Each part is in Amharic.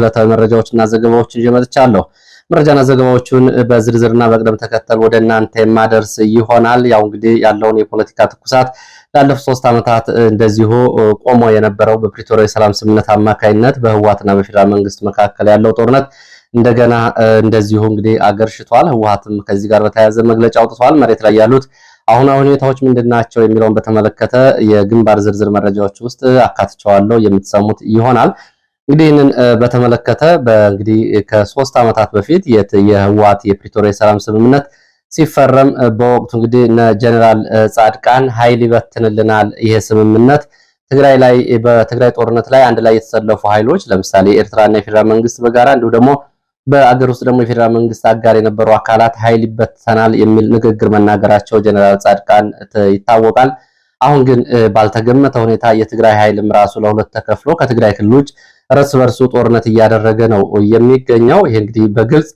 ዕለታዊ መረጃዎችና ዘገባዎችን ይዤ መጥቻለሁ። መረጃና ዘገባዎቹን በዝርዝርና በቅደም ተከተል ወደ እናንተ የማደርስ ይሆናል። ያው እንግዲህ ያለውን የፖለቲካ ትኩሳት ላለፉት ሶስት ዓመታት እንደዚሁ ቆሞ የነበረው በፕሪቶሪያ የሰላም ስምምነት አማካይነት በህወሓትና በፌዴራል መንግስት መካከል ያለው ጦርነት እንደገና እንደዚሁ እንግዲህ አገርሽቷል። ህወሓትም ከዚህ ጋር በተያያዘ መግለጫ አውጥቷል። መሬት ላይ ያሉት አሁን ሁኔታዎች ምንድን ናቸው የሚለውን በተመለከተ የግንባር ዝርዝር መረጃዎች ውስጥ አካትቸዋለሁ የምትሰሙት ይሆናል። እንግዲህ ይህንን በተመለከተ በእንግዲህ ከሶስት ዓመታት በፊት የህወሓት የፕሪቶሪያ ሰላም ስምምነት ሲፈረም በወቅቱ እንግዲህ እነ ጀኔራል ጻድቃን ኃይል ይበትንልናል ይሄ ስምምነት ትግራይ ላይ በትግራይ ጦርነት ላይ አንድ ላይ የተሰለፉ ኃይሎች ለምሳሌ ኤርትራና የፌዴራል መንግስት በጋራ እንዲሁም ደግሞ በአገር ውስጥ ደግሞ የፌዴራል መንግስት አጋር የነበሩ አካላት ኃይል ይበተናል የሚል ንግግር መናገራቸው ጀኔራል ጻድቃን ይታወቃል። አሁን ግን ባልተገመተ ሁኔታ የትግራይ ኃይልም ራሱ ለሁለት ተከፍሎ ከትግራይ ክልሎች እርስ በርሱ ጦርነት እያደረገ ነው የሚገኘው። ይሄ እንግዲህ በግልጽ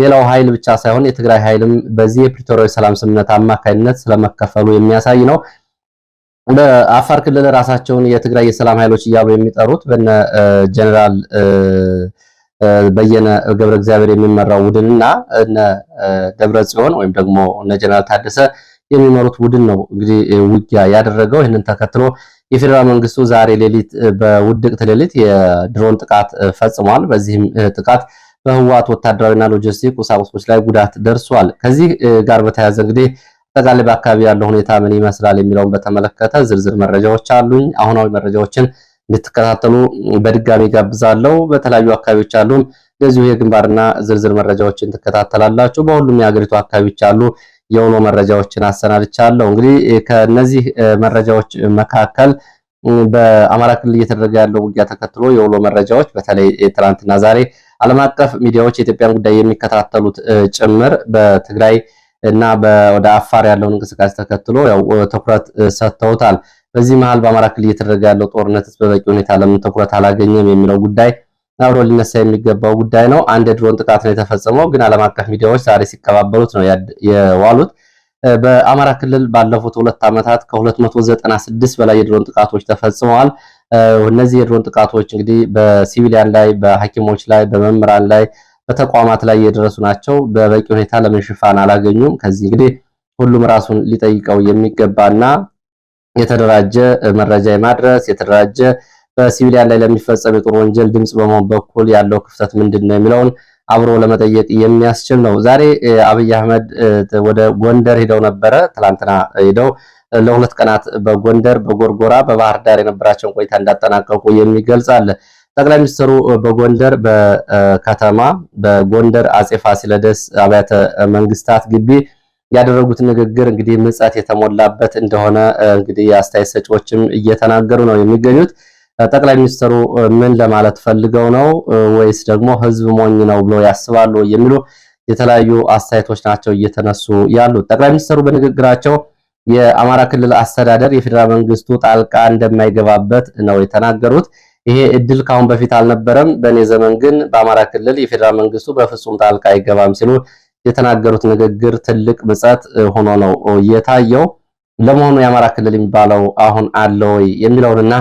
ሌላው ኃይል ብቻ ሳይሆን የትግራይ ኃይልም በዚህ የፕሪቶሪያ ሰላም ስምምነት አማካኝነት ስለመከፈሉ የሚያሳይ ነው። በአፋር ክልል ራሳቸውን የትግራይ የሰላም ኃይሎች እያሉ የሚጠሩት በነ ጀነራል በየነ ገብረ እግዚአብሔር የሚመራው ቡድንና እነ ደብረ ጽዮን ወይም ደግሞ እነ ጀነራል ታደሰ የሚመሩት ቡድን ነው እንግዲህ ውጊያ ያደረገው ይህንን ተከትሎ የፌዴራል መንግስቱ ዛሬ ሌሊት በውድቅት ሌሊት የድሮን ጥቃት ፈጽሟል። በዚህም ጥቃት በህወሓት ወታደራዊና ሎጂስቲክ ቁሳቁሶች ላይ ጉዳት ደርሷል። ከዚህ ጋር በተያያዘ እንግዲህ አጠቃላይ በአካባቢ ያለው ሁኔታ ምን ይመስላል የሚለውን በተመለከተ ዝርዝር መረጃዎች አሉኝ። አሁናዊ መረጃዎችን እንድትከታተሉ በድጋሚ ጋብዛለሁ። በተለያዩ አካባቢዎች አሉም እንደዚሁ የግንባርና ዝርዝር መረጃዎችን ትከታተላላችሁ። በሁሉም የሀገሪቱ አካባቢዎች አሉ። የሆኑ መረጃዎችን አሰናድቻለሁ። እንግዲህ ከነዚህ መረጃዎች መካከል በአማራ ክልል እየተደረገ ያለው ውጊያ ተከትሎ የውሎ መረጃዎች በተለይ ትናንትና ዛሬ ዓለም አቀፍ ሚዲያዎች የኢትዮጵያን ጉዳይ የሚከታተሉት ጭምር በትግራይ እና ወደ አፋር ያለውን እንቅስቃሴ ተከትሎ ያው ትኩረት ሰጥተውታል። በዚህ መሃል በአማራ ክልል እየተደረገ ያለው ጦርነት በበቂ ሁኔታ ለምን ትኩረት አላገኘም የሚለው ጉዳይ አብሮ ሊነሳ የሚገባው ጉዳይ ነው። አንድ የድሮን ጥቃት ነው የተፈጸመው፣ ግን ዓለም አቀፍ ሚዲያዎች ዛሬ ሲቀባበሉት ነው የዋሉት። በአማራ ክልል ባለፉት ሁለት ዓመታት ከ296 በላይ የድሮን ጥቃቶች ተፈጽመዋል። እነዚህ የድሮን ጥቃቶች እንግዲህ በሲቪሊያን ላይ፣ በሐኪሞች ላይ፣ በመምህራን ላይ፣ በተቋማት ላይ የደረሱ ናቸው። በበቂ ሁኔታ ለምን ሽፋን አላገኙም? ከዚህ እንግዲህ ሁሉም ራሱን ሊጠይቀው የሚገባና የተደራጀ መረጃ የማድረስ የተደራጀ በሲቪሊያን ላይ ለሚፈጸም የጦር ወንጀል ድምጽ በመሆን በኩል ያለው ክፍተት ምንድን ነው የሚለውን አብሮ ለመጠየቅ የሚያስችል ነው። ዛሬ አብይ አህመድ ወደ ጎንደር ሄደው ነበረ። ትላንትና ሄደው ለሁለት ቀናት በጎንደር በጎርጎራ፣ በባህር ዳር የነበራቸውን ቆይታ እንዳጠናቀቁ የሚገልጻል። ጠቅላይ ሚኒስትሩ በጎንደር በከተማ በጎንደር አጼ ፋሲለደስ አብያተ መንግስታት ግቢ ያደረጉት ንግግር እንግዲህ ምጸት የተሞላበት እንደሆነ እንግዲህ የአስተያየት ሰጪዎችም እየተናገሩ ነው የሚገኙት። ጠቅላይ ሚኒስትሩ ምን ለማለት ፈልገው ነው ወይስ ደግሞ ህዝብ ሞኝ ነው ብሎ ያስባሉ የሚሉ የተለያዩ አስተያየቶች ናቸው እየተነሱ ያሉት። ጠቅላይ ሚኒስትሩ በንግግራቸው የአማራ ክልል አስተዳደር የፌዴራል መንግስቱ ጣልቃ እንደማይገባበት ነው የተናገሩት። ይሄ እድል ካሁን በፊት አልነበረም፣ በእኔ ዘመን ግን በአማራ ክልል የፌዴራል መንግስቱ በፍጹም ጣልቃ አይገባም ሲሉ የተናገሩት ንግግር ትልቅ ምጸት ሆኖ ነው የታየው። ለመሆኑ የአማራ ክልል የሚባለው አሁን አለ ወይ የሚለውንና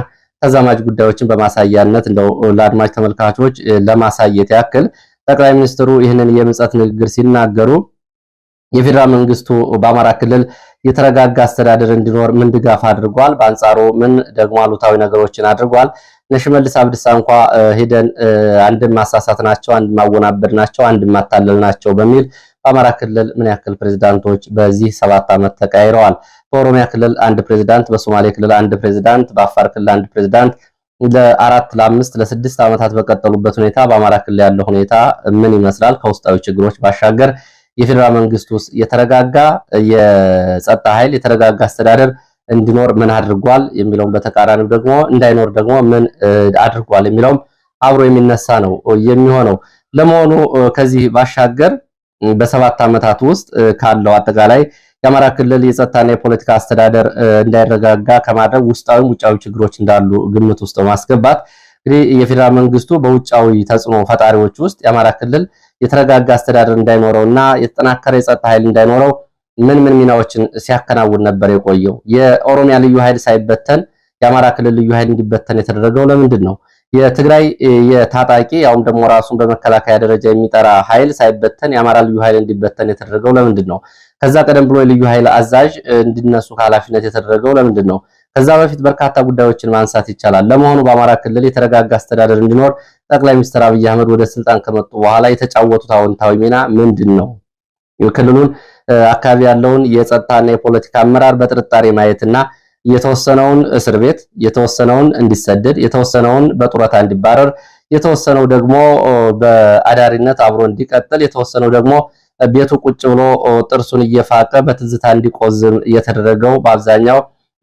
ተዛማጅ ጉዳዮችን በማሳያነት እንደው ለአድማጭ ተመልካቾች ለማሳየት ያክል ጠቅላይ ሚኒስትሩ ይህንን የምጸት ንግግር ሲናገሩ የፌዴራል መንግስቱ በአማራ ክልል የተረጋጋ አስተዳደር እንዲኖር ምን ድጋፍ አድርጓል፣ በአንጻሩ ምን ደግሞ አሉታዊ ነገሮችን አድርጓል። እነ ሽመልስ አብዲሳ እንኳ ሄደን አንድ ማሳሳት ናቸው፣ አንድ ማወናበድ ናቸው፣ አንድ ማታለል ናቸው በሚል በአማራ ክልል ምን ያክል ፕሬዚዳንቶች በዚህ ሰባት ዓመት ተቀያይረዋል? በኦሮሚያ ክልል አንድ ፕሬዚዳንት፣ በሶማሌ ክልል አንድ ፕሬዚዳንት፣ በአፋር ክልል አንድ ፕሬዚዳንት ለአራት ለአምስት ለስድስት ዓመታት በቀጠሉበት ሁኔታ በአማራ ክልል ያለው ሁኔታ ምን ይመስላል? ከውስጣዊ ችግሮች ባሻገር የፌዴራል መንግስት ውስጥ የተረጋጋ የጸጥታ ኃይል የተረጋጋ አስተዳደር እንዲኖር ምን አድርጓል የሚለውም በተቃራኒው ደግሞ እንዳይኖር ደግሞ ምን አድርጓል የሚለውም አብሮ የሚነሳ ነው የሚሆነው። ለመሆኑ ከዚህ ባሻገር በሰባት ዓመታት ውስጥ ካለው አጠቃላይ የአማራ ክልል የጸጥታና የፖለቲካ አስተዳደር እንዳይረጋጋ ከማድረግ ውስጣዊም ውጫዊ ችግሮች እንዳሉ ግምት ውስጥ በማስገባት እንግዲህ የፌዴራል መንግስቱ በውጫዊ ተጽዕኖ ፈጣሪዎች ውስጥ የአማራ ክልል የተረጋጋ አስተዳደር እንዳይኖረው እና የተጠናከረ የጸጥታ ኃይል እንዳይኖረው ምን ምን ሚናዎችን ሲያከናውን ነበር የቆየው? የኦሮሚያ ልዩ ኃይል ሳይበተን የአማራ ክልል ልዩ ኃይል እንዲበተን የተደረገው ለምንድን ነው? የትግራይ የታጣቂ ያውም ደግሞ ራሱን በመከላከያ ደረጃ የሚጠራ ኃይል ሳይበተን የአማራ ልዩ ኃይል እንዲበተን የተደረገው ለምንድን ነው? ከዛ ቀደም ብሎ የልዩ ኃይል አዛዥ እንዲነሱ ከኃላፊነት የተደረገው ለምንድን ነው? ከዛ በፊት በርካታ ጉዳዮችን ማንሳት ይቻላል። ለመሆኑ በአማራ ክልል የተረጋጋ አስተዳደር እንዲኖር ጠቅላይ ሚኒስትር አብይ አህመድ ወደ ስልጣን ከመጡ በኋላ የተጫወቱት አዎንታዊ ሚና ምንድን ነው? የክልሉን አካባቢ ያለውን የጸጥታና የፖለቲካ አመራር በጥርጣሬ ማየትና የተወሰነውን እስር ቤት፣ የተወሰነውን እንዲሰደድ፣ የተወሰነውን በጡረታ እንዲባረር፣ የተወሰነው ደግሞ በአዳሪነት አብሮ እንዲቀጥል፣ የተወሰነው ደግሞ ቤቱ ቁጭ ብሎ ጥርሱን እየፋቀ በትዝታ እንዲቆዝም የተደረገው በአብዛኛው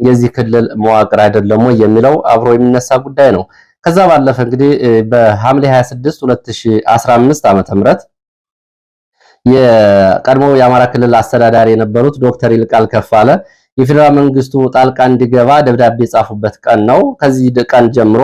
የዚህ ክልል መዋቅር አይደለም የሚለው አብሮ የሚነሳ ጉዳይ ነው። ከዛ ባለፈ እንግዲህ በሐምሌ 26 2015 ዓ ምህረት የቀድሞው የአማራ ክልል አስተዳዳሪ የነበሩት ዶክተር ይልቃል ከፋለ የፌዴራል መንግስቱ ጣልቃ እንዲገባ ደብዳቤ የጻፉበት ቀን ነው። ከዚህ ቀን ጀምሮ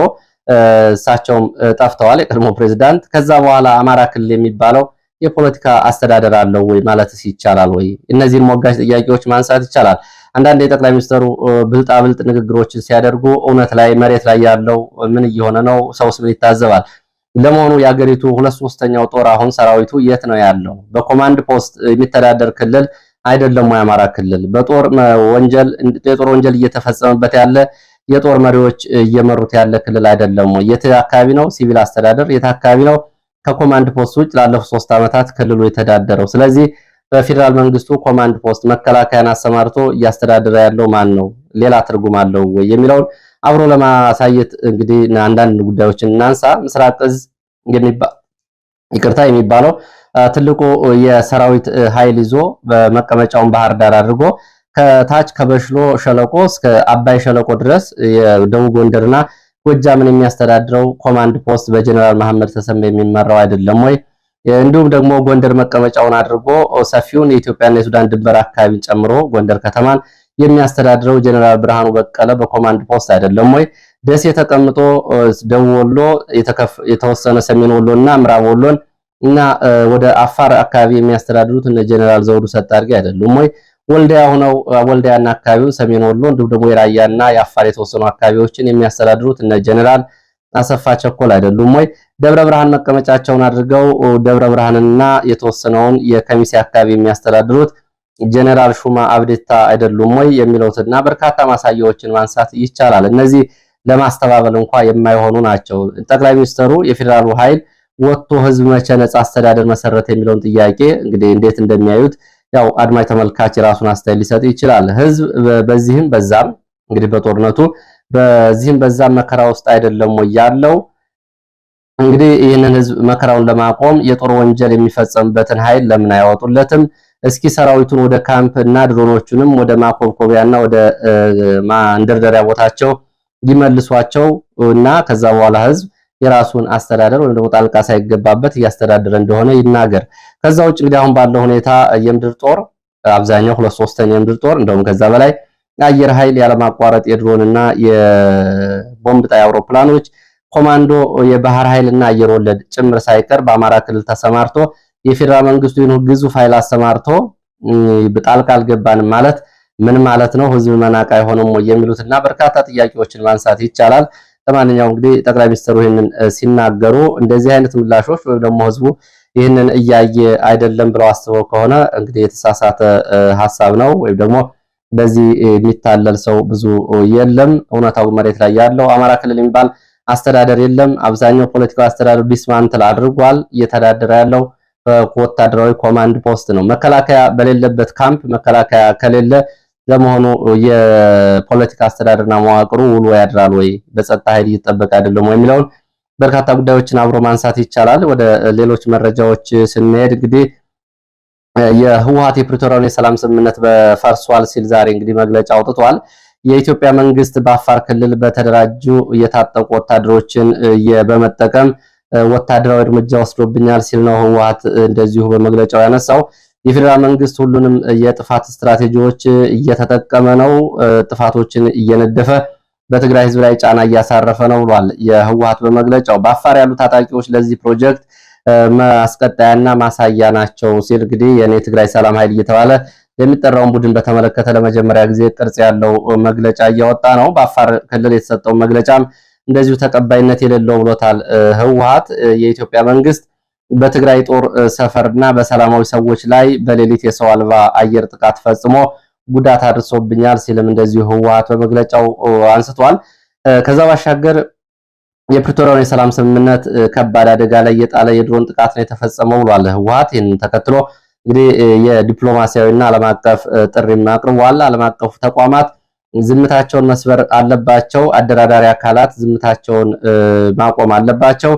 እሳቸውም ጠፍተዋል፣ የቀድሞ ፕሬዚዳንት። ከዛ በኋላ አማራ ክልል የሚባለው የፖለቲካ አስተዳደር አለው ወይ ማለት ይቻላል ወይ? እነዚህን ሞጋች ጥያቄዎች ማንሳት ይቻላል። አንዳንድ የጠቅላይ ሚኒስትሩ ብልጣብልጥ ንግግሮችን ሲያደርጉ እውነት ላይ መሬት ላይ ያለው ምን እየሆነ ነው? ሰውስ ምን ይታዘባል? ለመሆኑ የአገሪቱ ሁለት ሶስተኛው ጦር አሁን ሰራዊቱ የት ነው ያለው? በኮማንድ ፖስት የሚተዳደር ክልል አይደለም ወይ? አማራ ክልል በጦር ወንጀል የጦር ወንጀል እየተፈጸመበት ያለ የጦር መሪዎች እየመሩት ያለ ክልል አይደለም ወይ? የት አካባቢ ነው ሲቪል አስተዳደር? የት አካባቢ ነው ከኮማንድ ፖስት ውጭ ላለፉት ሶስት ዓመታት ክልሉ የተዳደረው? ስለዚህ በፌዴራል መንግስቱ ኮማንድ ፖስት መከላከያን አሰማርቶ እያስተዳደረ ያለው ማን ነው? ሌላ ትርጉም አለው ወይ የሚለውን አብሮ ለማሳየት እንግዲህ አንዳንድ ጉዳዮችን እናንሳ። ምስራቅ እዝ የሚባል ይቅርታ የሚባለው ትልቁ የሰራዊት ኃይል ይዞ በመቀመጫውን ባህር ዳር አድርጎ ከታች ከበሽሎ ሸለቆ እስከ አባይ ሸለቆ ድረስ የደቡብ ጎንደርና ጎጃምን የሚያስተዳድረው ኮማንድ ፖስት በጀነራል መሐመድ ተሰማ የሚመራው አይደለም ወይ? እንዲሁም ደግሞ ጎንደር መቀመጫውን አድርጎ ሰፊውን የኢትዮጵያና የሱዳን ድንበር አካባቢን ጨምሮ ጎንደር ከተማን የሚያስተዳድረው ጀነራል ብርሃኑ በቀለ በኮማንድ ፖስት አይደለም ወይ? ደሴ ተቀምጦ ደቡብ ወሎ የተወሰነ ሰሜን ወሎና ምዕራብ ወሎን እና ወደ አፋር አካባቢ የሚያስተዳድሩት እነ ጀነራል ዘውዱ ሰጥ አድርጌ አይደሉም ወይ? ወልዲያ ሆነው ወልዲያና አካባቢው ሰሜን ወሎ እንዲሁም ደግሞ የራያና የአፋር የተወሰኑ አካባቢዎችን የሚያስተዳድሩት እነ ጀነራል አሰፋ ቸኮል አይደሉም ወይ? ደብረ ብርሃን መቀመጫቸውን አድርገው ደብረ ብርሃንና የተወሰነውን የከሚሴ አካባቢ የሚያስተዳድሩት ጀነራል ሹማ አብዴታ አይደሉም ወይ የሚለውትና በርካታ ማሳያዎችን ማንሳት ይቻላል። እነዚህ ለማስተባበል እንኳ የማይሆኑ ናቸው። ጠቅላይ ሚኒስትሩ የፌዴራሉ ኃይል ወጥቶ ህዝብ መቼ ነጻ አስተዳደር መሰረት የሚለውን ጥያቄ እንግዲህ እንዴት እንደሚያዩት ያው አድማጭ ተመልካች የራሱን አስተያየት ሊሰጥ ይችላል። ህዝብ በዚህም በዛም እንግዲህ በጦርነቱ በዚህም በዛም መከራ ውስጥ አይደለም ወይ ያለው? እንግዲህ ይህንን ህዝብ መከራውን ለማቆም የጦር ወንጀል የሚፈጸምበትን ኃይል ለምን አያወጡለትም? እስኪ ሰራዊቱን ወደ ካምፕ እና ድሮኖቹንም ወደ ማኮብኮቢያና ወደ ማንደርደሪያ ቦታቸው ይመልሷቸው እና ከዛ በኋላ ህዝብ የራሱን አስተዳደር ወይም ደግሞ ጣልቃ ሳይገባበት እያስተዳደረ እንደሆነ ይናገር። ከዛ ውጭ እንግዲህ አሁን ባለው ሁኔታ የምድር ጦር አብዛኛው ሁለት ሶስተኛ የምድር ጦር እንደውም ከዛ በላይ አየር ኃይል ያለማቋረጥ የድሮንና የቦምብ ጣይ አውሮፕላኖች፣ ኮማንዶ፣ የባህር ኃይልና አየር ወለድ ጭምር ሳይቀር በአማራ ክልል ተሰማርቶ የፌዴራል መንግስቱ ይህን ግዙፍ ኃይል አሰማርቶ ጣልቃ አልገባንም ማለት ምን ማለት ነው? ህዝብ መናቃ አይሆንም የሚሉትና በርካታ ጥያቄዎችን ማንሳት ይቻላል። ለማንኛውም እንግዲህ ጠቅላይ ሚኒስትሩ ይህንን ሲናገሩ እንደዚህ አይነት ምላሾች ወይም ደግሞ ህዝቡ ይህንን እያየ አይደለም ብለው አስበው ከሆነ እንግዲህ የተሳሳተ ሀሳብ ነው ወይም ደግሞ በዚህ የሚታለል ሰው ብዙ የለም። እውነታው መሬት ላይ ያለው አማራ ክልል የሚባል አስተዳደር የለም። አብዛኛው ፖለቲካዊ አስተዳደር ዲስማንትል አድርጓል። እየተዳደረ ያለው ወታደራዊ ኮማንድ ፖስት ነው። መከላከያ በሌለበት ካምፕ መከላከያ ከሌለ ለመሆኑ የፖለቲካ አስተዳደርና መዋቅሩ ውሎ ያድራል ወይ? በጸጥታ ኃይል እየተጠበቀ አይደለም ወይ የሚለውን በርካታ ጉዳዮችን አብሮ ማንሳት ይቻላል። ወደ ሌሎች መረጃዎች ስንሄድ እንግዲህ የህወሀት የፕሪቶሪያውን የሰላም ስምምነት በፈርሷል ሲል ዛሬ እንግዲህ መግለጫ አውጥቷል። የኢትዮጵያ መንግስት በአፋር ክልል በተደራጁ የታጠቁ ወታደሮችን በመጠቀም ወታደራዊ እርምጃ ወስዶብኛል ሲል ነው ህወሀት እንደዚሁ በመግለጫው ያነሳው። የፌዴራል መንግስት ሁሉንም የጥፋት ስትራቴጂዎች እየተጠቀመ ነው፣ ጥፋቶችን እየነደፈ በትግራይ ህዝብ ላይ ጫና እያሳረፈ ነው ብሏል። የህወሀት በመግለጫው በአፋር ያሉ ታጣቂዎች ለዚህ ፕሮጀክት ማስቀጣያና ማሳያ ናቸው ሲል እንግዲህ የእኔ ትግራይ ሰላም ኃይል እየተባለ የሚጠራውን ቡድን በተመለከተ ለመጀመሪያ ጊዜ ቅርጽ ያለው መግለጫ እያወጣ ነው። በአፋር ክልል የተሰጠው መግለጫም እንደዚሁ ተቀባይነት የሌለው ብሎታል። ህወሀት። የኢትዮጵያ መንግስት በትግራይ ጦር ሰፈርና በሰላማዊ ሰዎች ላይ በሌሊት የሰው አልባ አየር ጥቃት ፈጽሞ ጉዳት አድርሶብኛል ሲልም እንደዚሁ ህወሓት በመግለጫው አንስቷል። ከዛ ባሻገር የፕሪቶሪያውን የሰላም ስምምነት ከባድ አደጋ ላይ የጣለ የድሮን ጥቃት ነው የተፈጸመው ብሏል ህወሓት። ይህን ተከትሎ እንግዲህ የዲፕሎማሲያዊና ዓለም አቀፍ ጥሪም አቅርቧል። ዓለም አቀፉ ተቋማት ዝምታቸውን መስበር አለባቸው። አደራዳሪ አካላት ዝምታቸውን ማቆም አለባቸው።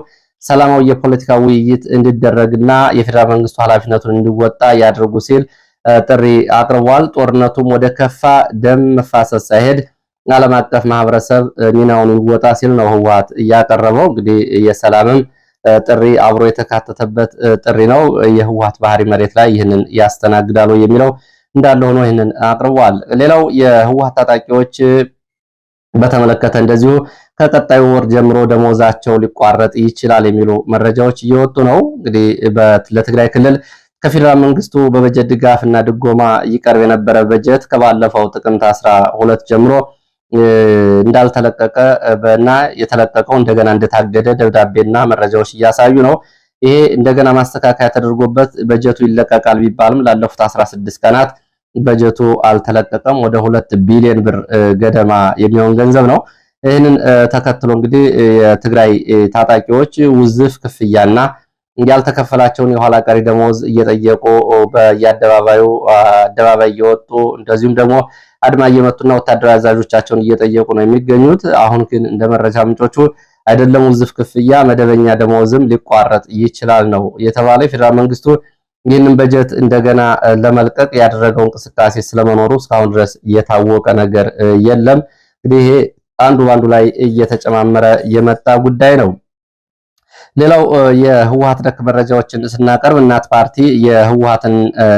ሰላማዊ የፖለቲካ ውይይት እንዲደረግና የፌዴራል መንግስቱ ኃላፊነቱን እንዲወጣ ያድርጉ ሲል ጥሪ አቅርቧል። ጦርነቱም ወደ ከፋ ደም መፋሰስ ሳይሄድ ዓለም አቀፍ ማህበረሰብ ሚናውን ይወጣ ሲል ነው ህወሓት እያቀረበው። እንግዲህ የሰላምም ጥሪ አብሮ የተካተተበት ጥሪ ነው። የህወሓት ባህሪ መሬት ላይ ይህንን ያስተናግዳሉ የሚለው እንዳለ ሆኖ ይህንን አቅርቧል። ሌላው የህወሓት ታጣቂዎች በተመለከተ እንደዚሁ ከቀጣዩ ወር ጀምሮ ደሞዛቸው ሊቋረጥ ይችላል የሚሉ መረጃዎች እየወጡ ነው። እንግዲህ ለትግራይ ክልል ከፌዴራል መንግስቱ በበጀት ድጋፍ እና ድጎማ ይቀርብ የነበረ በጀት ከባለፈው ጥቅምት አስራ ሁለት ጀምሮ እንዳልተለቀቀ እና የተለቀቀው እንደገና እንደታገደ ደብዳቤና መረጃዎች እያሳዩ ነው። ይሄ እንደገና ማስተካከያ ተደርጎበት በጀቱ ይለቀቃል ቢባልም ላለፉት 16 ቀናት በጀቱ አልተለቀቀም። ወደ ሁለት ቢሊዮን ብር ገደማ የሚሆን ገንዘብ ነው። ይህንን ተከትሎ እንግዲህ የትግራይ ታጣቂዎች ውዝፍ ክፍያና ያልተከፈላቸውን የኋላ ቀሪ ደሞዝ እየጠየቁ በየአደባባዩ አደባባይ እየወጡ እንደዚሁም ደግሞ አድማ እየመቱና ወታደራዊ አዛዦቻቸውን እየጠየቁ ነው የሚገኙት። አሁን ግን እንደ መረጃ ምንጮቹ አይደለም ውዝፍ ክፍያ፣ መደበኛ ደሞዝም ሊቋረጥ ይችላል ነው የተባለው። የፌዴራል መንግስቱ ይህንን በጀት እንደገና ለመልቀቅ ያደረገው እንቅስቃሴ ስለመኖሩ እስካሁን ድረስ የታወቀ ነገር የለም። እንግዲህ አንዱ በአንዱ ላይ እየተጨማመረ የመጣ ጉዳይ ነው። ሌላው የህወሓት ነክ መረጃዎችን ስናቀርብ እናት ፓርቲ የህወሓትን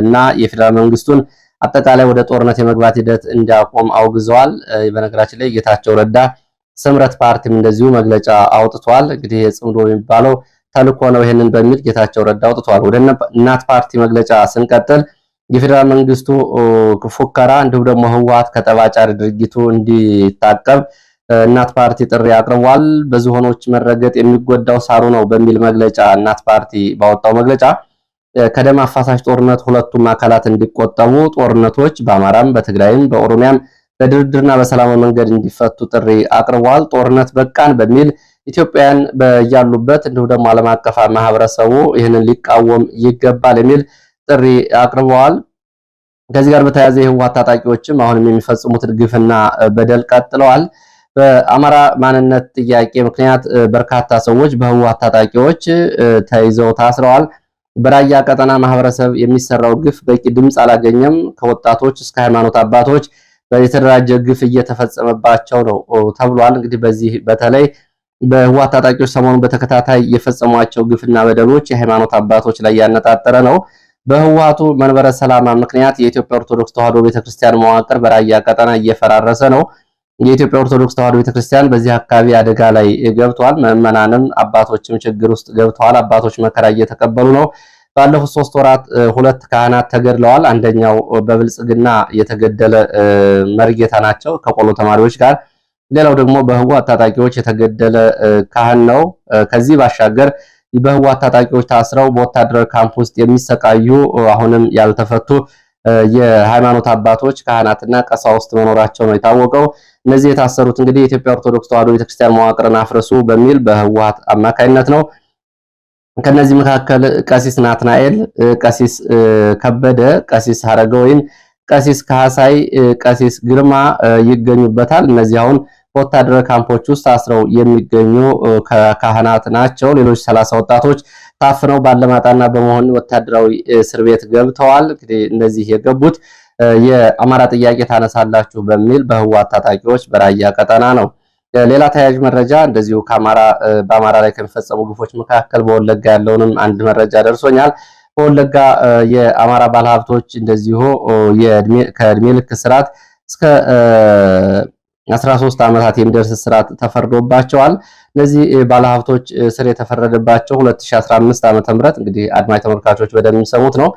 እና የፌዴራል መንግስቱን አጠቃላይ ወደ ጦርነት የመግባት ሂደት እንዲያቆም አውግዘዋል። በነገራችን ላይ ጌታቸው ረዳ ስምረት ፓርቲም እንደዚሁ መግለጫ አውጥቷል። እንግዲህ የጽምዶ የሚባለው ተልኮ ነው። ይሄንን በሚል ጌታቸው ረዳ አውጥቷል። ወደ እናት ፓርቲ መግለጫ ስንቀጥል የፌዴራል መንግስቱ ፉከራ እንዲሁም ደግሞ ህወሀት ከጠባጫሪ ድርጊቱ እንዲታቀብ እናት ፓርቲ ጥሪ አቅርቧል። በዝሆኖች መረገጥ የሚጎዳው ሳሩ ነው በሚል መግለጫ እናት ፓርቲ ባወጣው መግለጫ ከደም አፋሳሽ ጦርነት ሁለቱም አካላት እንዲቆጠቡ፣ ጦርነቶች በአማራም በትግራይም በኦሮሚያም በድርድርና በሰላማዊ መንገድ እንዲፈቱ ጥሪ አቅርቧል። ጦርነት በቃን በሚል ኢትዮጵያውያን በያሉበት እንዲሁም ደግሞ ዓለም አቀፍ ማህበረሰቡ ይህንን ሊቃወም ይገባል የሚል ጥሪ አቅርበዋል። ከዚህ ጋር በተያያዘ የህወሓት ታጣቂዎችም አሁንም የሚፈጽሙት ግፍና በደል ቀጥለዋል። በአማራ ማንነት ጥያቄ ምክንያት በርካታ ሰዎች በህወሓት ታጣቂዎች ተይዘው ታስረዋል። በራያ ቀጠና ማህበረሰብ የሚሰራው ግፍ በቂ ድምፅ አላገኘም። ከወጣቶች እስከ ሃይማኖት አባቶች የተደራጀ ግፍ እየተፈጸመባቸው ነው ተብሏል። እንግዲህ በዚህ በተለይ በህወሓት ታጣቂዎች ሰሞኑን በተከታታይ የፈጸሟቸው ግፍና በደሎች የሃይማኖት አባቶች ላይ ያነጣጠረ ነው። በህወሓቱ መንበረ ሰላማ ምክንያት የኢትዮጵያ ኦርቶዶክስ ተዋህዶ ቤተክርስቲያን መዋቅር በራያ ቀጠና እየፈራረሰ ነው። የኢትዮጵያ ኦርቶዶክስ ተዋሕዶ ቤተክርስቲያን በዚህ አካባቢ አደጋ ላይ ገብቷል። ምዕመናንም አባቶችም ችግር ውስጥ ገብተዋል። አባቶች መከራ እየተቀበሉ ነው። ባለፉት ሶስት ወራት ሁለት ካህናት ተገድለዋል። አንደኛው በብልጽግና የተገደለ መርጌታ ናቸው ከቆሎ ተማሪዎች ጋር፣ ሌላው ደግሞ በህወሓት ታጣቂዎች የተገደለ ካህን ነው። ከዚህ ባሻገር በህወሓት ታጣቂዎች ታስረው በወታደራዊ ካምፕ ውስጥ የሚሰቃዩ አሁንም ያልተፈቱ የሃይማኖት አባቶች ካህናትና ቀሳውስት መኖራቸው ነው የታወቀው። እነዚህ የታሰሩት እንግዲህ የኢትዮጵያ ኦርቶዶክስ ተዋሕዶ ቤተክርስቲያን መዋቅርን አፍርሱ በሚል በህወሓት አማካይነት ነው። ከነዚህ መካከል ቀሲስ ናትናኤል፣ ቀሲስ ከበደ፣ ቀሲስ ሀረገወይን፣ ቀሲስ ካሳይ፣ ቀሲስ ግርማ ይገኙበታል። እነዚህ አሁን በወታደራዊ ካምፖች ውስጥ አስረው የሚገኙ ካህናት ናቸው። ሌሎች ሰላሳ ወጣቶች ታፍነው ባለማጣና በመሆን ወታደራዊ እስር ቤት ገብተዋል። እንግዲህ እነዚህ የገቡት የአማራ ጥያቄ ታነሳላችሁ በሚል በህዋ ታጣቂዎች በራያ ቀጠና ነው። ሌላ ተያያዥ መረጃ እንደዚሁ ከአማራ በአማራ ላይ ከሚፈጸሙ ግፎች መካከል በወለጋ ያለውንም አንድ መረጃ ደርሶኛል። በወለጋ የአማራ ባለሀብቶች እንደዚሁ ከእድሜ ልክ ስርዓት እስከ 13 ዓመታት የሚደርስ ስርዓት ተፈርዶባቸዋል። እነዚህ ባለሀብቶች ስር የተፈረደባቸው 2015 ዓ ም እንግዲህ አድማጭ ተመልካቾች የሚሰሙት ነው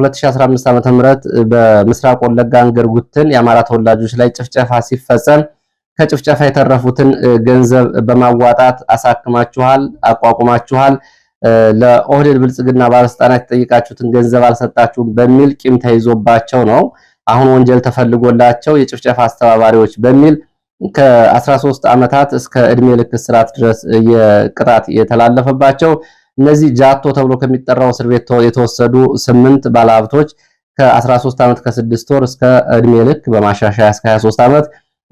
2015 ዓ ም በምስራቅ ወለጋ እንጉርጉትን የአማራ ተወላጆች ላይ ጭፍጨፋ ሲፈጸም ከጭፍጨፋ የተረፉትን ገንዘብ በማዋጣት አሳክማችኋል፣ አቋቁማችኋል ለኦህዴድ ብልጽግና ባለስልጣናት የጠየቃችሁትን ገንዘብ አልሰጣችሁም በሚል ቂም ተይዞባቸው ነው። አሁን ወንጀል ተፈልጎላቸው የጭፍጨፋ አስተባባሪዎች በሚል ከ13 ዓመታት እስከ እድሜ ልክ እስራት ድረስ የቅጣት የተላለፈባቸው እነዚህ ጃቶ ተብሎ ከሚጠራው እስር ቤት የተወሰዱ ስምንት ባለሀብቶች ከ13 ዓመት ከ6 ወር እስከ እድሜ ልክ በማሻሻያ እስከ 23 ዓመት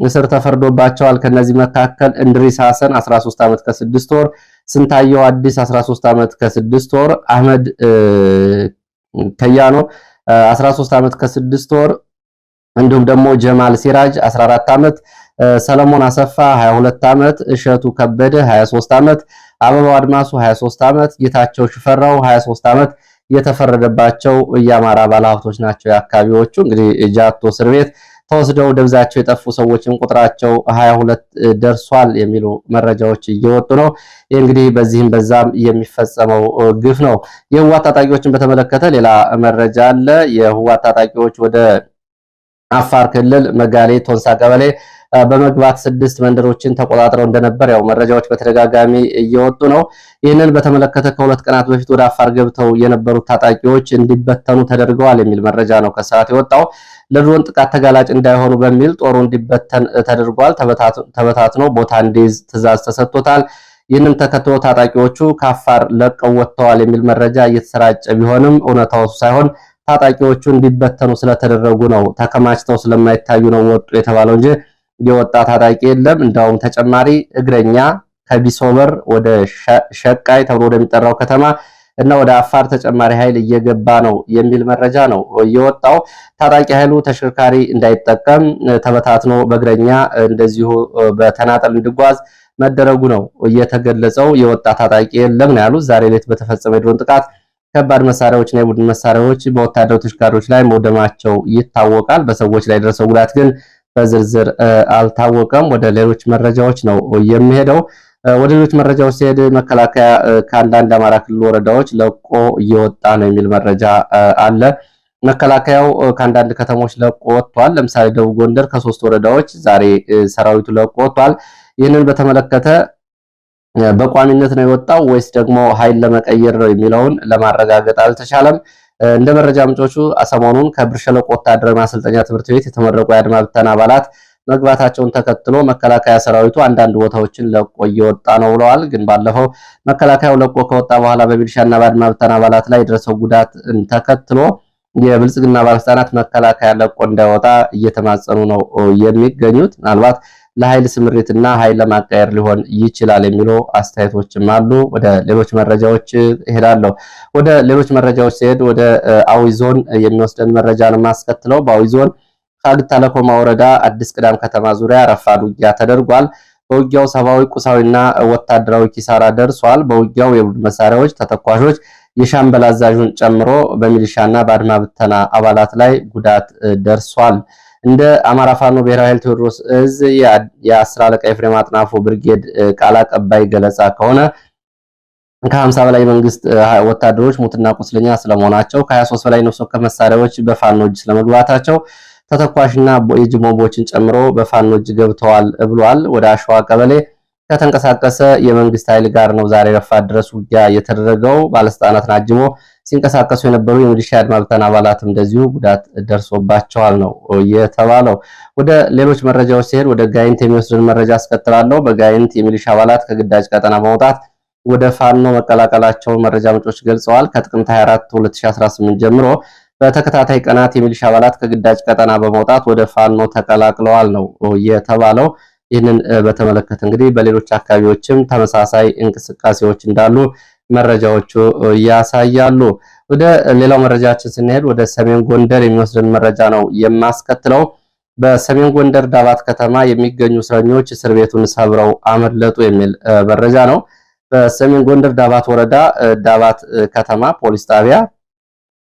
እስር ተፈርዶባቸዋል። ከነዚህ መካከል እንድሪስ ሐሰን 13 ዓመት ከ6 ወር፣ ስንታየው አዲስ 13 ዓመት ከ6 ወር፣ አህመድ ከያኖ 13 ዓመት ከ6 ወር እንዲሁም ደግሞ ጀማል ሲራጅ 14 ዓመት፣ ሰለሞን አሰፋ 22 ዓመት፣ እሸቱ ከበደ 23 ዓመት፣ አበባው አድማሱ 23 ዓመት፣ ጌታቸው ሽፈራው 23 ዓመት የተፈረደባቸው የአማራ ባለሀብቶች ናቸው። የአካባቢዎቹ እንግዲህ ጃቶ እስር ቤት ተወስደው ደብዛቸው የጠፉ ሰዎች ቁጥራቸው 22 ደርሷል የሚሉ መረጃዎች እየወጡ ነው። ይህ እንግዲህ በዚህም በዛም የሚፈጸመው ግፍ ነው። የህዋት ታጣቂዎችን በተመለከተ ሌላ መረጃ አለ። የህዋት ታጣቂዎች ወደ አፋር ክልል መጋሌ ቶንሳ ቀበሌ በመግባት ስድስት መንደሮችን ተቆጣጥረው እንደነበር ያው መረጃዎች በተደጋጋሚ እየወጡ ነው። ይህንን በተመለከተ ከሁለት ቀናት በፊት ወደ አፋር ገብተው የነበሩት ታጣቂዎች እንዲበተኑ ተደርገዋል የሚል መረጃ ነው ከሰዓት የወጣው። ለድሮን ጥቃት ተጋላጭ እንዳይሆኑ በሚል ጦሩ እንዲበተን ተደርጓል። ተበታትኖ ቦታ እንዲይዝ ትዕዛዝ ተሰጥቶታል። ይህንም ተከትሎ ታጣቂዎቹ ከአፋር ለቀው ወጥተዋል የሚል መረጃ እየተሰራጨ ቢሆንም እውነታው ሳይሆን ታጣቂዎቹ እንዲበተኑ ስለተደረጉ ነው፣ ተከማችተው ስለማይታዩ ነው ወጡ የተባለው እንጂ የወጣ ታጣቂ የለም። እንዳውም ተጨማሪ እግረኛ ከቢሶበር ወደ ሸቃይ ተብሎ ወደሚጠራው ከተማ እና ወደ አፋር ተጨማሪ ኃይል እየገባ ነው የሚል መረጃ ነው የወጣው። ታጣቂ ኃይሉ ተሽከርካሪ እንዳይጠቀም ተበታትኖ በእግረኛ እንደዚሁ በተናጠል እንዲጓዝ መደረጉ ነው እየተገለጸው። የወጣ ታጣቂ የለም ነው ያሉት። ዛሬ ሌት በተፈጸመ የድሮን ጥቃት ከባድ መሳሪያዎችና የቡድን መሳሪያዎች በወታደራዊ ተሽከርካሪዎች ላይ መውደማቸው ይታወቃል። በሰዎች ላይ የደረሰው ጉዳት ግን በዝርዝር አልታወቀም። ወደ ሌሎች መረጃዎች ነው የሚሄደው። ወደ ሌሎች መረጃዎች ሲሄድ መከላከያ ከአንዳንድ አማራ ክልል ወረዳዎች ለቆ እየወጣ ነው የሚል መረጃ አለ። መከላከያው ከአንዳንድ ከተሞች ለቆ ወጥቷል። ለምሳሌ ደቡብ ጎንደር ከሶስት ወረዳዎች ዛሬ ሰራዊቱ ለቆ ወጥቷል። ይህንን በተመለከተ በቋሚነት ነው የወጣው ወይስ ደግሞ ኃይል ለመቀየር ነው የሚለውን ለማረጋገጥ አልተቻለም። እንደ መረጃ ምንጮቹ ሰሞኑን ከብር ሸለቆ ወታደራዊ ማሰልጠኛ ትምህርት ቤት የተመረቁ የአድማ ብተና አባላት መግባታቸውን ተከትሎ መከላከያ ሰራዊቱ አንዳንድ ቦታዎችን ለቆ እየወጣ ነው ብለዋል። ግን ባለፈው መከላከያው ለቆ ከወጣ በኋላ በሚሊሻና በአድማ ብተና አባላት ላይ የደረሰው ጉዳት ተከትሎ የብልጽግና ባለስልጣናት መከላከያ ለቆ እንዳይወጣ እየተማጸኑ ነው የሚገኙት ምናልባት ለኃይል ስምሪትና ኃይል ለማቀየር ሊሆን ይችላል የሚሉ አስተያየቶችም አሉ። ወደ ሌሎች መረጃዎች እሄዳለሁ። ወደ ሌሎች መረጃዎች ሲሄድ ወደ አዊ ዞን የሚወስደን መረጃ ነው የማስከትለው። በአዊ ዞን ለኮማ ወረዳ አዲስ ቅዳም ከተማ ዙሪያ ረፋድ ውጊያ ተደርጓል። በውጊያው ሰብአዊ ቁሳዊና ወታደራዊ ኪሳራ ደርሷል። በውጊያው የቡድን መሳሪያዎች፣ ተተኳሾች የሻምበል አዛዡን ጨምሮ በሚሊሻና በአድማ ብተና አባላት ላይ ጉዳት ደርሷል። እንደ አማራ ፋኖ ብሔራዊ ኃይል ቴዎድሮስ እዝ የአስር አለቃ ኤፍሬም አጥናፎ ብርጌድ ቃል አቀባይ ገለጻ ከሆነ ከ50 በላይ መንግስት ወታደሮች ሙትና ቁስለኛ ስለመሆናቸው ከ23 በላይ ነፍስ ወከፍ መሳሪያዎች በፋኖ እጅ ስለመግባታቸው ተተኳሽና የእጅ ቦምቦችን ጨምሮ በፋኖ እጅ ገብተዋል ብሏል። ወደ አሸዋ ቀበሌ ከተንቀሳቀሰ የመንግስት ኃይል ጋር ነው ዛሬ ረፋት ድረስ ውጊያ የተደረገው። ባለስልጣናትን አጅቦ ሲንቀሳቀሱ የነበሩ የሚሊሻ አድማ ብተና አባላትም እንደዚሁ ጉዳት ደርሶባቸዋል ነው የተባለው። ወደ ሌሎች መረጃዎች ሲሄድ ወደ ጋይንት የሚወስድን መረጃ አስከትላለሁ። በጋይንት የሚሊሻ አባላት ከግዳጅ ቀጠና በመውጣት ወደ ፋኖ መቀላቀላቸውን መረጃ ምንጮች ገልጸዋል። ከጥቅምት 24 2018 ጀምሮ በተከታታይ ቀናት የሚሊሻ አባላት ከግዳጅ ቀጠና በመውጣት ወደ ፋኖ ተቀላቅለዋል ነው የተባለው። ይህንን በተመለከተ እንግዲህ በሌሎች አካባቢዎችም ተመሳሳይ እንቅስቃሴዎች እንዳሉ መረጃዎቹ ያሳያሉ። ወደ ሌላው መረጃችን ስንሄድ ወደ ሰሜን ጎንደር የሚወስድን መረጃ ነው የማስከትለው። በሰሜን ጎንደር ዳባት ከተማ የሚገኙ እስረኞች እስር ቤቱን ሰብረው አመለጡ የሚል መረጃ ነው። በሰሜን ጎንደር ዳባት ወረዳ ዳባት ከተማ ፖሊስ ጣቢያ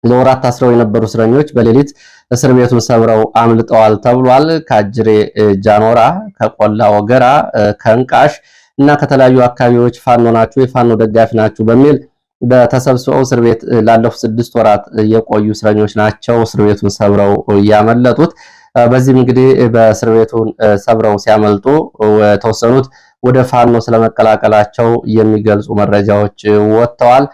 ለወራት ታስረው የነበሩ እስረኞች በሌሊት እስር ቤቱን ሰብረው አምልጠዋል ተብሏል። ከአጅሬ ጃኖራ፣ ከቆላ ወገራ፣ ከእንቃሽ እና ከተለያዩ አካባቢዎች ፋኖ ናችሁ የፋኖ ደጋፊ ናችሁ በሚል በተሰብስበው እስር ቤት ላለፉት ስድስት ወራት የቆዩ እስረኞች ናቸው እስር ቤቱን ሰብረው ያመለጡት። በዚህም እንግዲህ በእስር ቤቱን ሰብረው ሲያመልጡ የተወሰኑት ወደ ፋኖ ስለመቀላቀላቸው የሚገልጹ መረጃዎች ወጥተዋል።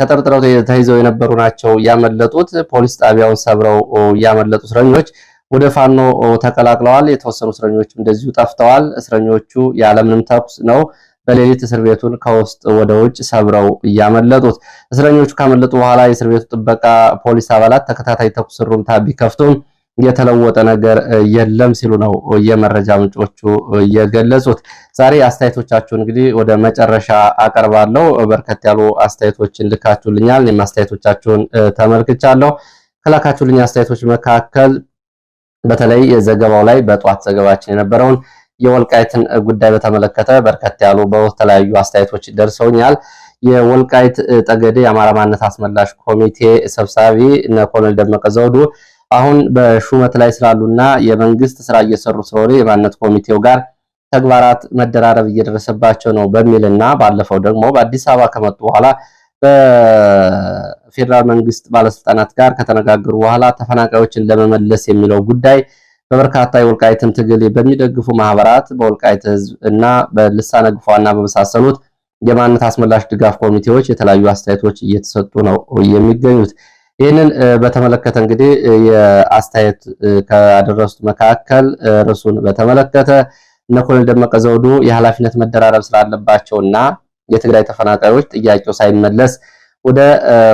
ተጠርጥረው ተይዘው የነበሩ ናቸው ያመለጡት። ፖሊስ ጣቢያውን ሰብረው ያመለጡ እስረኞች ወደ ፋኖ ተቀላቅለዋል። የተወሰኑ እስረኞች እንደዚሁ ጠፍተዋል። እስረኞቹ ያለምንም ተኩስ ነው በሌሊት እስር ቤቱን ከውስጥ ወደ ውጭ ሰብረው እያመለጡት። እስረኞቹ ካመለጡ በኋላ የእስር ቤቱ ጥበቃ ፖሊስ አባላት ተከታታይ ተኩስ ሩምታ ቢከፍቱም የተለወጠ ነገር የለም ሲሉ ነው የመረጃ ምንጮቹ የገለጹት። ዛሬ አስተያየቶቻችሁን እንግዲህ ወደ መጨረሻ አቀርባለሁ። በርከት ያሉ አስተያየቶችን ልካችሁልኛል። እኔም አስተያየቶቻችሁን ተመልክቻለሁ። ከላካችሁልኝ አስተያየቶች መካከል በተለይ ዘገባው ላይ በጠዋት ዘገባችን የነበረውን የወልቃይትን ጉዳይ በተመለከተ በርከት ያሉ በተለያዩ አስተያየቶች ደርሰውኛል። የወልቃይት ጠገዴ የአማራ ማንነት አስመላሽ ኮሚቴ ሰብሳቢ ኮሎኔል ደመቀ ዘውዱ አሁን በሹመት ላይ ስላሉና የመንግስት ስራ እየሰሩ ስለሆነ የማንነት ኮሚቴው ጋር ተግባራት መደራረብ እየደረሰባቸው ነው በሚልና ባለፈው ደግሞ በአዲስ አበባ ከመጡ በኋላ በፌዴራል መንግስት ባለስልጣናት ጋር ከተነጋገሩ በኋላ ተፈናቃዮችን ለመመለስ የሚለው ጉዳይ በበርካታ የወልቃይትን ትግል በሚደግፉ ማህበራት በወልቃይት ህዝብ እና በልሳነ ግፏና በመሳሰሉት የማንነት አስመላሽ ድጋፍ ኮሚቴዎች የተለያዩ አስተያየቶች እየተሰጡ ነው የሚገኙት። ይህንን በተመለከተ እንግዲህ የአስተያየት ካደረሱት መካከል ርዕሱን በተመለከተ እነ ኮሎኔል ደመቀ ዘውዱ የኃላፊነት መደራረብ እና የትግራይ ተፈናቃዮች ጥያቄው ሳይመለስ ወደ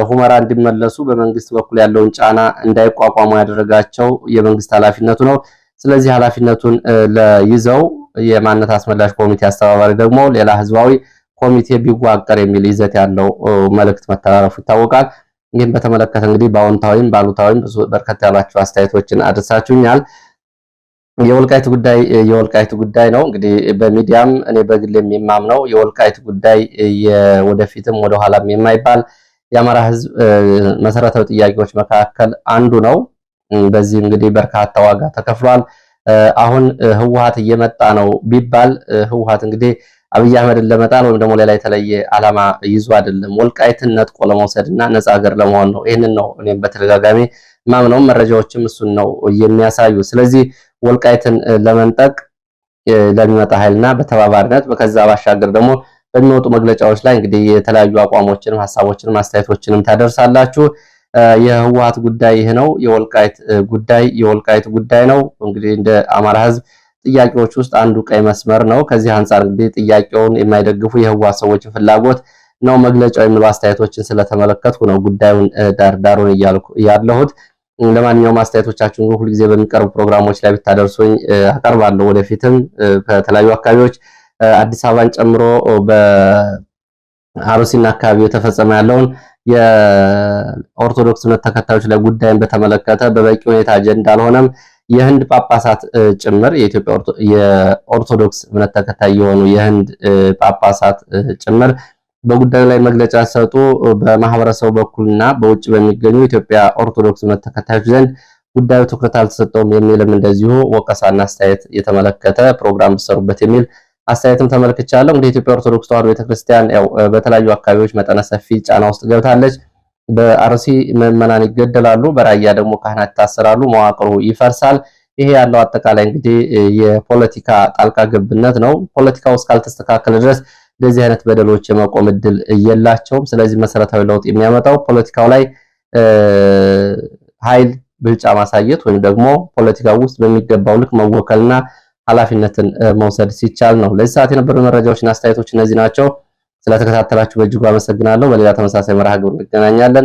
ሁመራ እንዲመለሱ በመንግስት በኩል ያለውን ጫና እንዳይቋቋሙ ያደረጋቸው የመንግስት ኃላፊነቱ ነው። ስለዚህ ኃላፊነቱን ለይዘው የማንነት አስመላሽ ኮሚቴ አስተባባሪ ደግሞ ሌላ ህዝባዊ ኮሚቴ ቢዋቀር የሚል ይዘት ያለው መልእክት መተላለፉ ይታወቃል። ይህም በተመለከተ እንግዲህ በአዎንታዊም ባሉታዊም ብዙ በርከት ያላችሁ አስተያየቶችን አድርሳችሁኛል። የወልቃይት ጉዳይ የወልቃይት ጉዳይ ነው እንግዲህ በሚዲያም እኔ በግል የሚማምነው የወልቃይት ጉዳይ ወደፊትም ወደኋላም የማይባል የአማራ ሕዝብ መሰረታዊ ጥያቄዎች መካከል አንዱ ነው። በዚህ እንግዲህ በርካታ ዋጋ ተከፍሏል። አሁን ህወሓት እየመጣ ነው ቢባል ህወሓት እንግዲህ አብይ አህመድን ለመጣል ወይም ደግሞ ሌላ የተለየ አላማ ይዞ አይደለም። ወልቃይትን ነጥቆ ለመውሰድና ነፃ ሀገር ለመሆን ነው። ይህንን ነው እኔም በተደጋጋሚ ማምነውም መረጃዎችም እሱን ነው የሚያሳዩ። ስለዚህ ወልቃይትን ለመንጠቅ ለሚመጣ ኃይልና በተባባሪነት ከዛ ባሻገር ደግሞ በሚወጡ መግለጫዎች ላይ እንግዲህ የተለያዩ አቋሞችንም ሀሳቦችንም አስተያየቶችንም ታደርሳላችሁ። የህወሀት ጉዳይ ይህ ነው። የወልቃይት ጉዳይ የወልቃይት ጉዳይ ነው። እንግዲህ እንደ አማራ ህዝብ ጥያቄዎች ውስጥ አንዱ ቀይ መስመር ነው። ከዚህ አንጻር እንግዲህ ጥያቄውን የማይደግፉ የህወሓት ሰዎችን ፍላጎት ነው መግለጫው የሚሉ አስተያየቶችን ስለተመለከትኩ ነው ጉዳዩን ዳርዳሩን ያለሁት። ለማንኛውም አስተያየቶቻችሁን ግን ሁልጊዜ በሚቀርቡ ፕሮግራሞች ላይ ብታደርሱኝ አቀርባለሁ። ወደፊትም ከተለያዩ አካባቢዎች አዲስ አበባን ጨምሮ በአሩሲና አካባቢ የተፈጸመ ያለውን የኦርቶዶክስ እምነት ተከታዮች ላይ ጉዳይን በተመለከተ በበቂ ሁኔታ አጀንዳ አልሆነም። የህንድ ጳጳሳት ጭምር የኢትዮጵያ የኦርቶዶክስ እምነት ተከታይ የሆኑ የህንድ ጳጳሳት ጭምር በጉዳዩ ላይ መግለጫ ሰጡ። በማህበረሰቡ በኩልና በውጭ በሚገኙ የኢትዮጵያ ኦርቶዶክስ እምነት ተከታዮች ዘንድ ጉዳዩ ትኩረት አልተሰጠውም የሚልም እንደዚሁ ወቀሳና አስተያየት የተመለከተ ፕሮግራም ብሰሩበት የሚል አስተያየትም ተመልክቻለሁ። እንግዲህ የኢትዮጵያ ኦርቶዶክስ ተዋህዶ ቤተክርስቲያን ያው በተለያዩ አካባቢዎች መጠነ ሰፊ ጫና ውስጥ ገብታለች። በአርሲ ምዕመናን ይገደላሉ፣ በራያ ደግሞ ካህናት ይታሰራሉ፣ መዋቅሩ ይፈርሳል። ይሄ ያለው አጠቃላይ እንግዲህ የፖለቲካ ጣልቃ ገብነት ነው። ፖለቲካው እስካልተስተካከለ ድረስ እንደዚህ አይነት በደሎች የመቆም እድል የላቸውም። ስለዚህ መሰረታዊ ለውጥ የሚያመጣው ፖለቲካው ላይ ኃይል ብልጫ ማሳየት ወይም ደግሞ ፖለቲካው ውስጥ በሚገባው ልክ መወከልና ኃላፊነትን መውሰድ ሲቻል ነው። ለዚህ ሰዓት የነበሩ መረጃዎችና አስተያየቶች እነዚህ ናቸው። ስለተከታተላችሁ በእጅጉ አመሰግናለሁ። በሌላ ተመሳሳይ መርሃ ግብር እንገናኛለን።